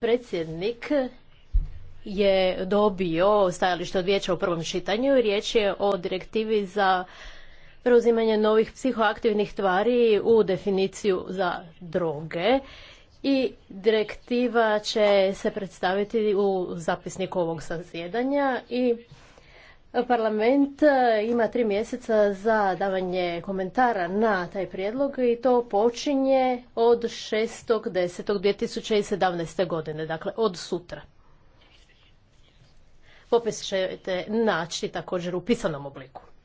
predsjednik je dobio stajalište od vijeća u prvom čitanju. Riječ je o direktivi za preuzimanje novih psihoaktivnih tvari u definiciju za droge i direktiva će se predstaviti u zapisniku ovog zasjedanja i Parlament e, ima tri mjeseca za davanje komentara na taj prijedlog i to počinje od 6.10.2017. godine, dakle od sutra. Popis ćete naći također u pisanom obliku.